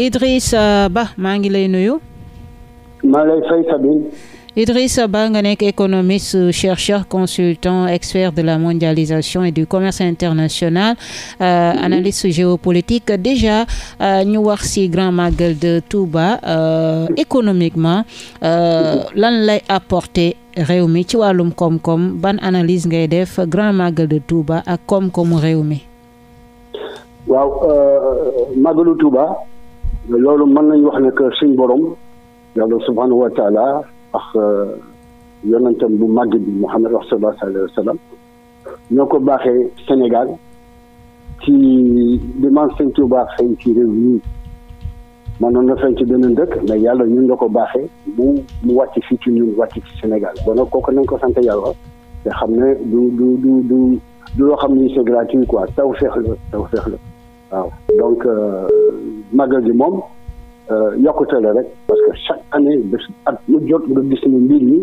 Idrissa uh, Ba maa ngi lay nuyu. maa lay fay Sabine. Idrissa uh, Ba nga nekk économiste uh, chercheur consultant expert de la mondialisation et du commerce international euh, analyste géopolitique déjà ñu euh, wax ci Grand Magal de Touba euh, économiquement lan lay apporté réew mi ci wàllum koom-koom ban analyse ngay def Grand Magal de Touba ak koom-koomu réew mi. waaw Magalu Touba. loolu mën nañ wax ne que suñ borom yàlla subhanahu wa taala ak euh, yonentam bu màgg bi Muhammad sallallahu alayhi wa sallam ñoo ko baaxee Sénégal ci li man sëñ Tuubaa xëy ci réew yi mënoon na feeñ ci beneen dëkk mais yàlla ñun la ko baaxee bu mu wàcc fii ci ñun wàcc ci Sénégal bon nag kooku nañ ko sant yàlla te xam ne du du du du du loo xam ni c'est gratuit quoi taw feex la taw feex la waaw donc. Euh, màggal gi moom euh, yokkute la rek parce que chaque année bés at mu jot nga gis ni mbir mi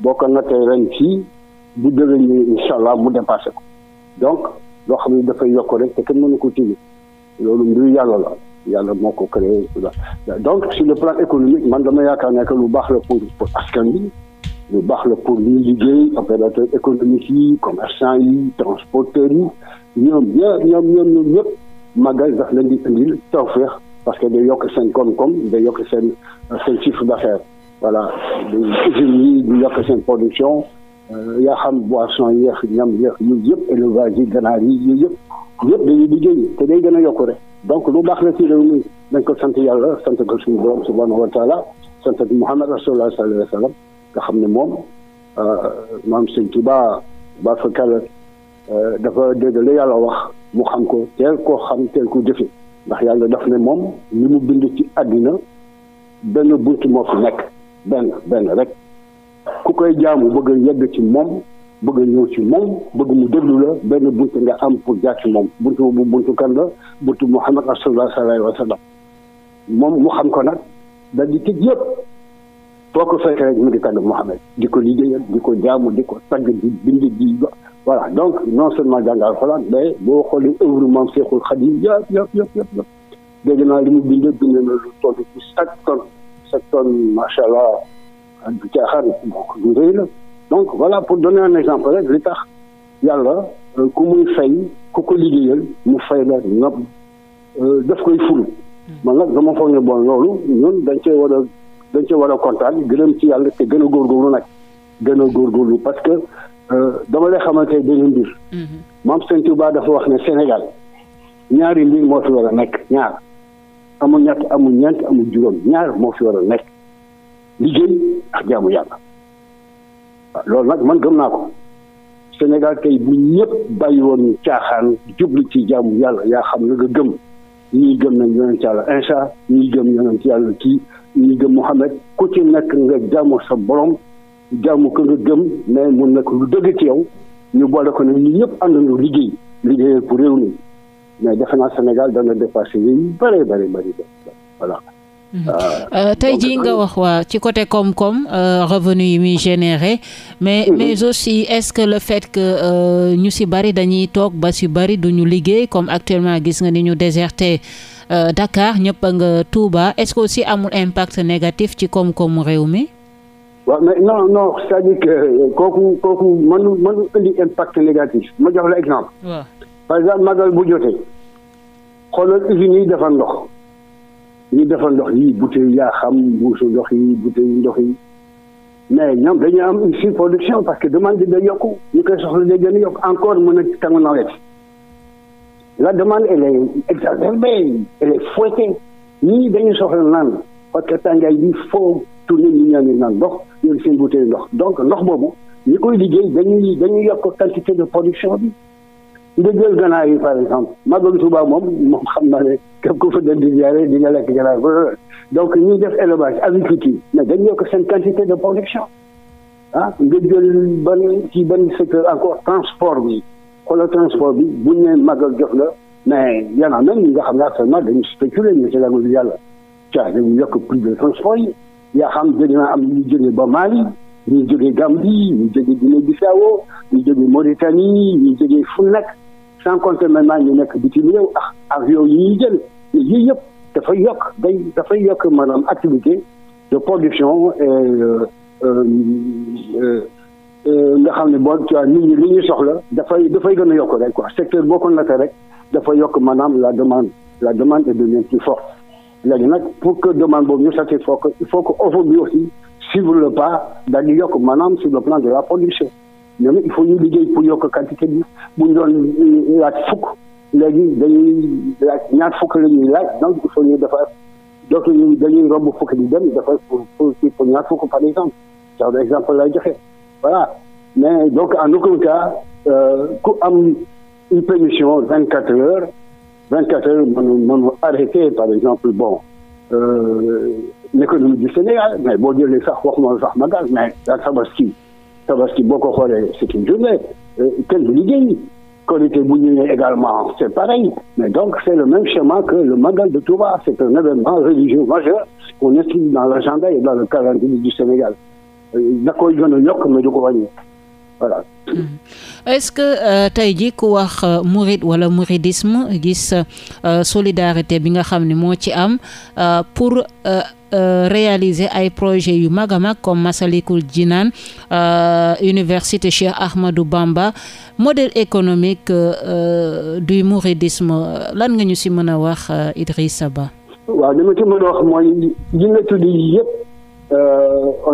boo ko nattee ren fii bu déwén ni incha allah mu dépassé ko donc loo xam ne dafay yokk rek te kenn mënu ko tibi loolu mbiru yàlla la yàlla moo ko créé donc sur le plan économique man dama yaakaar ne lu baax la pour pour askan bi lu baax la pour ñuy liggéey opérateur économique yi commerçant yi transporteurs yi ñoom ñoom ñoom ñoom ñëpp màggal sax leen di indil tawféex parce que day yokk seen koom-koom day yokk seen euh, seen chiffre d'affaires voilà usines yi di yokk seen production euh, yaa xam boisson yeex ñam yeex yu yëpp élevage yi ganaar yi yu yëpp yëpp dañuy liggéey te day gën a yokku rek donc lu baax la ci réew mi dañ ko sant yàlla sant ko suñu borom subhanahu wa taala sant Muhammad rasulullah sallallahu alayhi wa sallam nga xam ne moom euh, maam sëñ Tuubaa ba fakal dafa dégg la yàlla wax mu xam ko teel koo xam teel ko jëfe ndax yàlla daf ne moom li mu bind ci àddina benn bunt moo fi nekk benn benn rek ku koy jaamu bëgg a ci moom bëgg a ñëw ci moom bëgg mu déglu la benn bunt nga am pour jaar moom bunt bu bunt kan la buntu Muhammad sallallahu alayhi wa sallam moom mu xam ko nag dal di tëj yëpp foo ko fekk rek mu ngi tàgg Muhammad di ko liggéeyal di ko jaamu di ko tagg di bind di voilà donc non seulement jàng alxuraan mais boo xoolee œuvre maam Seexul Xadiim yëpp yëpp yëpp yëpp dégg naa li mu bind bind na lu toll ci sept tonnes sept tonnes macha allah du caaxaan donc wala pour donner un exemple rek li tax yàlla euh, ku muy fay ku ko liggéeyal mu fay la nopp euh, def koy ful. Hmm. man nag dama foog ne bon loolu ñun dañ cee war dañ cee war a kontaan gërëm ci yàlla te gën a góorgóorlu nag gën parce que. dama lay xamante benn mbir. Mhm. maam Sëñ Tuubaa dafa wax ne Sénégal ñaari mbir moo fi war a nekk ñaar amul ñett amul ñeent amul juróom ñaar moo fi war a nekk liggéey ak jaamu yàlla waaw nag man gëm naa ko Sénégal tey bu ñëpp bàyyi woon caaxaan jublu ci jaamu yàlla yaa xam la nga gëm ñii gëm nañ yonent yàlla Insa ñii gëm yonent yàlla kii ñii gëm Muhammad ku ci nekk nga jaamu sa borom jàmm ko nga gëm mais mu nekk lu dëgg ci yow ñu boole ko ne ñu ñëpp àndandoo liggéey liggéeyal pour réew mi mais defe naa Sénégal dana dépassé yu bëree bëri bëri voilà. Hmm. Euh, euh, tey jii nga euh, wax waa ci côté koom-koom revenu yi muy généré mais mhm. mais aussi est-ce que le fait que ñu si bëri dañuy toog ba si bëri duñu liggéey comme actuellement gis nga ni ñu déserte dakaar ñëpp nga Touba est-ce que amul impact négatif ci koom-koomu réew mi waaw mais non non c'est-à-dire que euh, kooku kooku mënu mënu indi impact négatif ma jox la exemple. waaw par exemple magal bu jotee xoolal usines yi defar ndox ñu defar ndox yi bouteille yaa xam mbuusu ndox yi bouteille ndox yi mais ñoom dañuy am une parce que demande bi day yokku ñu koy soxla day gën a yokk encore mën a tàng nawet la demande elle est exacerbée elle est fouettée soxla naan parce que tàngaay bi foo. tourné nit ñaa ngi naan ndox yor seen bouteille ndox donc ndox boobu ñi koy liggéey de dañuy yokk quantité de production bi nga jël ganaar yi par exemple màggalu Tuuba moom moom xam naa ne képp ku fa di jaare di nga lekk ganaar donc ñuy def élevage agriculture mais dañu yokk seen quantité de production ah nga jël ban ci ban secteur encore transport bi xoolal transport bi buñ ne màggal jox la mais y a même ñi nga xam ne actuellement dañu spéculer mais ci yàlla caa yokk prix de transport yaa xam dégg naa am ñu jóge ba maal ñu jóge Gambie ñu jóge Guinée Bissau ñu jóge Mauritanie ñu jóge fu nekk sans compter maintenant ñu nekk bi bitim réew ak yow yi ñuy jël yooyu yëpp dafay yokk day dafay yokk maanaam activité de production euh, euh, euh, nga xam ne boo tu vois nit ñi li ñuy soxla dafay dafay gën a yokk rek quoi secteur boo ko rek dafa yokk maanaam la demande la demande est devenue plus forte léegi nag pour que demande boobu ñu satisfaire ko il faut que offre bi aussi suivre le pas daal di yokk maanaam sur le plan de la production ñoom il faut ñu liggéey pour yokk quantité bi bu ñu doon laaj fukk léegi dañuy laaj ñaar fukk la ñuy laaj donc il faut ñu defar donc ñu dañuy romb fukk di dem defar pour pour pour ñaar fukk par exemple genre exemple lay joxe voilà mais donc en aucun cas euh, ku am une permission vingt quatre heures 24 heures mënu par exemple bon euh, l'économie boo jëlee sax waxuma sax magal mais la tabaski tabaski boo ko xoolee c'est une journée euh, bu ñëwee également c'est pareil mais donc c'est le même schéma que de Touba c'est un événement religieux majeur qu'on inscrit dans euh, a ko wàññi mm-hmm. est-ce que euh, tey ji ku wax euh, murid wala mouridisme gis euh, solidarité bi nga xam ni moo ci am pour réaliser ay projet yu mag a mag comme Masalikul Jinaan Université Cheikh Ahmadou Bamba modèle économique du mouridisme lan nga ñu si mën a wax Idrissa Ba waaw li ma mën a wax mooy yi nga tudd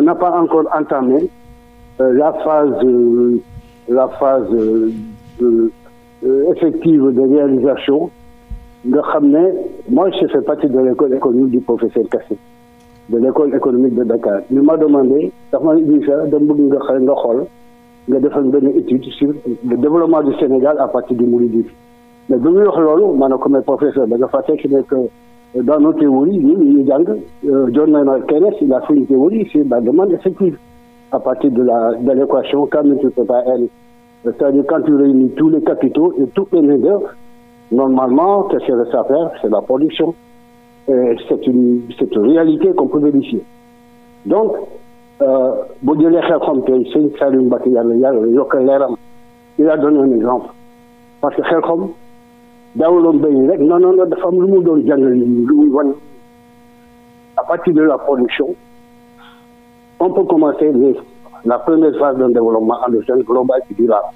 n'a pas encore entamé la phase la phase de, euh, euh, effective de réalisation nga xam ne moi je fais partie de l'école économique du professeur Kassé de l'école économique de Dakar ñu ma demandé ndax man UNISA dama bëgg nga xa nga xool nga defal benn étude sur le développement du Sénégal à partir du mouridisme mais bi muy wax loolu ma ne ko mais professeur da nga fàtte que ne euh, dans nos théories ñun ñu jàng John Maynard Keynes il a fait une théorie sur la demande effective à partir de la de l'équation quand même tu peux pas L. C'est-à-dire quand tu réunis tous les capitaux et toutes les main normalement, qu'est-ce que C'est la production. C'est une, une réalité qu'on peut vérifier. Donc, euh, bu jëlee xel xom tey sëñ Saliou Mbacké yàlla yàlla yokkal leeram il a donné un exemple parce que xel xom daawuloon béy rek non non non dafa am lu mu doon jàngal lu à partir de la production on peut commencer les, la première phase d'un développement endogène global et durable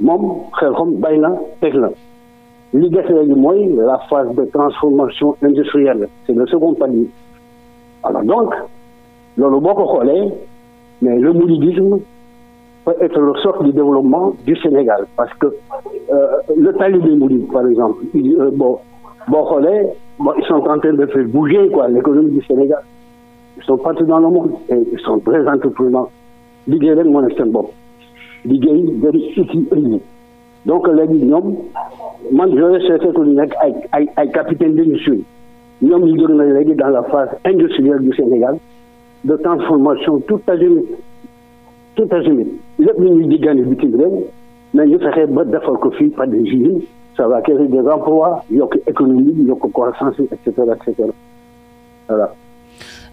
moom xel xom bay na teg na li des léegi mooy la phase de transformation industrielle c'est le second palier alors donc loolu boo ko xoolee mais le mouridisme peut être le socle du développement du Sénégal parce que euh, le talibé mouride par exemple il, euh, bon boo bon ils sont en de faire bouger quoi l'économie du Sénégal ils sont partout dans le monde et ils très entrepreneurs liggéey rek moo nekk seen bopp liggéey dem uti ëllëg donc léegi ñoom man j'aurais souhaité que ay ay ay ay capitaine d'industrie ñoom ñu jóg na léegi dans la phase industrielle du Sénégal de transformation tout azimut tout azimut lépp lu ñuy diggante bitim réew mais ñu fexe ba defar ko fii par des usines ça va créer des emplois yokk économie yokk croissance et cetera et cetera voilà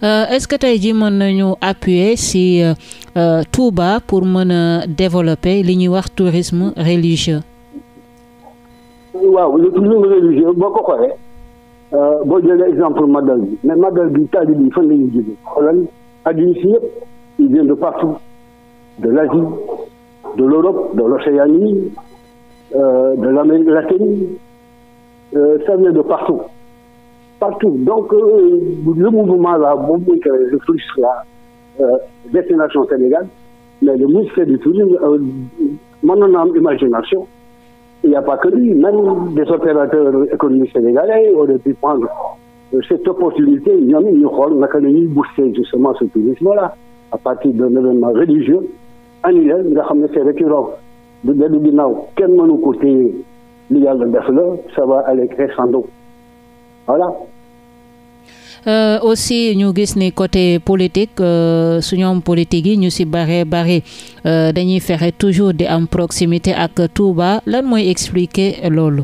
Euh, est-ce que tey ji mën nañu appuyer si euh, euh, ba pour mën a développer li ñuy wax tourisme religieux. waaw le tourisme religieux boo ko xoolee boo exemple Magal bi mais Magal bi taalib yi fan la ñuy jógee xoolal adduna si yëpp ils de partout de l'Asie de l'Europe de l'Océanie de l'Amérique latine ça vient de partout. partout. Donc, euh, le mouvement-là, mouvement que le touche-là, euh, destination Sénégal, mais le ministère du Tourisme, euh, mon imagination, il n'y a pas que lui, même des opérateurs économiques sénégalais auraient pu prendre euh, cette opportunité, il y a une rôle, on a quand même boosté justement ce tourisme-là, à partir d'un événement religieux, annuel, nga xam ne c'est récurrent. du dellu ginnaaw kenn mënu ko téye li yàlla def la ça va aller crescendo voilà. Euh, aussi ñu gis ni côté politique euh, su ñoom politique yi ñu ci bare bare euh, dañuy fexe toujours di am proximité ak Touba lan mooy expliquer loolu.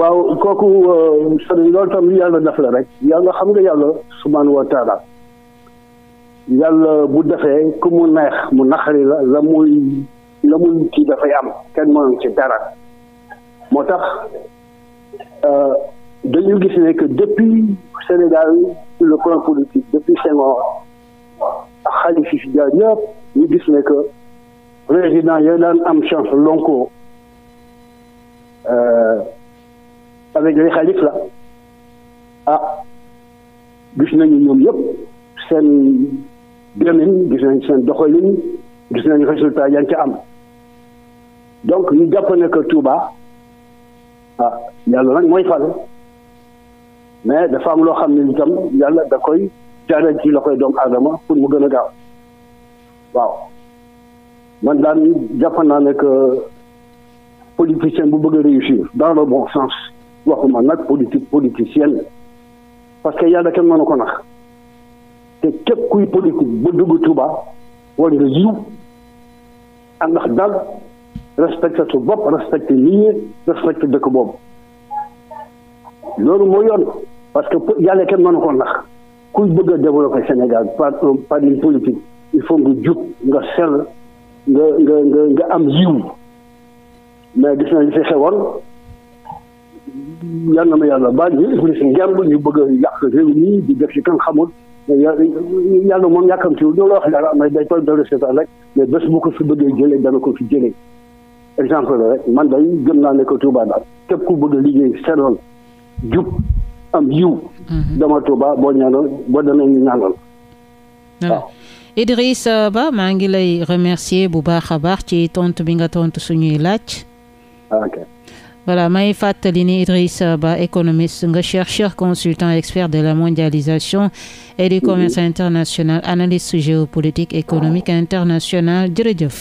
waaw kooku euh, sëriñ loolu tam yàlla def la rek yàlla xam nga yàlla subhaanahu wa yàlla bu defee ku mu neex mu naqari la la muy la muy ci dafay am kenn mënuñ ci dara moo tax. Euh, dañu gis ne que depuis Sénégal sur le plan politique depuis Senghor ak Khalifa si Dia ñëpp ñu gis ne que président ya daan am chance lonko euh, avec les xalif la ah gis nañu ñoom yëpp seen demin gis nañu seen doxalin gis nañu résultat yan ca am donc ñu jàpp ne que Touba ah yàlla nag mooy fal mais dafa am loo xam ne itam yàlla da koy jaaree ci loxoy doomu aadama pour mu gën a gaaw waaw man daan jàpp naa ne que politicien bu bëgg a réussir dans le bon sens waxuma nag politique politicienne parce que yàlla kenn mënu ko nag te kuy politique ba dugg Touba war nga yiw ànd ak dal respecté su bopp respecté nit ñi respecté dëkk boobu loolu moo parce que yàlla kenn mënu koon nax kuy bëgg a développer Sénégal par par une politique il faut nga jub nga sell nga nga nga am yiw mais gis na li fi xewoon yal na ma yàlla baal ñu iblis ngemb ñu bëgg a yàq réew mi di def yàlla moom yàkkamtiwul loolu wax dara mais day toog dara seetaan rek mais bés bu ko fi bëggee jëlee dana ko fi jëlee exemple la rek man day gëm naa ne ko Touba daal képp ku bëgg a liggéey seeroon jub am yiw. Mhm. Ah. Ba maa ngi lay remercier bu baax a baax ci tontu bi nga tontu suñuy laaj. Ah, ok. voilà may fàttali ni Idrissa Ba économiste nga chercheur consultant expert de la mondialisation et du commerce mm-hmm. international analyste géopolitique économique ah. international jërëjëf.